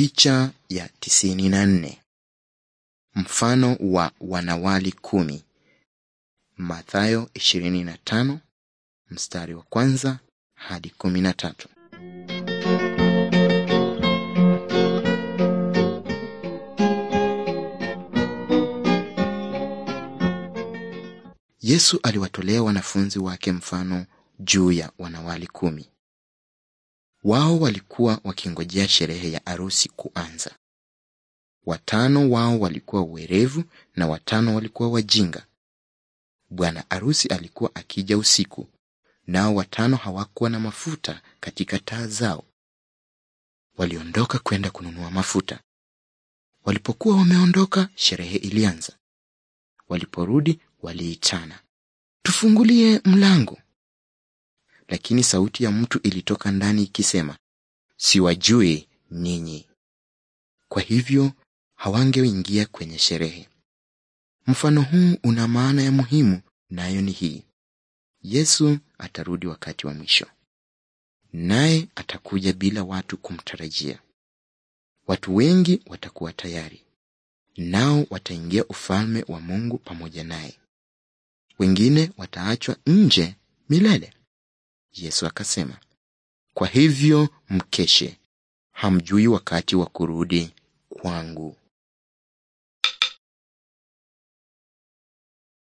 Picha ya tisini na nne. Mfano wa wanawali kumi. Mathayo tano mstari wa kwanza hadi tatu. Yesu aliwatolea wanafunzi wake mfano juu ya wanawali kumi wao walikuwa wakingojea sherehe ya arusi kuanza. Watano wao walikuwa werevu na watano walikuwa wajinga. Bwana arusi alikuwa akija usiku, nao watano hawakuwa na mafuta katika taa zao. Waliondoka kwenda kununua mafuta. Walipokuwa wameondoka, sherehe ilianza. Waliporudi waliitana, tufungulie mlango lakini sauti ya mtu ilitoka ndani ikisema, siwajui ninyi. Kwa hivyo hawangeingia kwenye sherehe. Mfano huu una maana ya muhimu, nayo ni hii: Yesu atarudi wakati wa mwisho, naye atakuja bila watu kumtarajia. Watu wengi watakuwa tayari, nao wataingia ufalme wa Mungu pamoja naye. Wengine wataachwa nje milele. Yesu akasema, kwa hivyo mkeshe, hamjui wakati wa kurudi kwangu.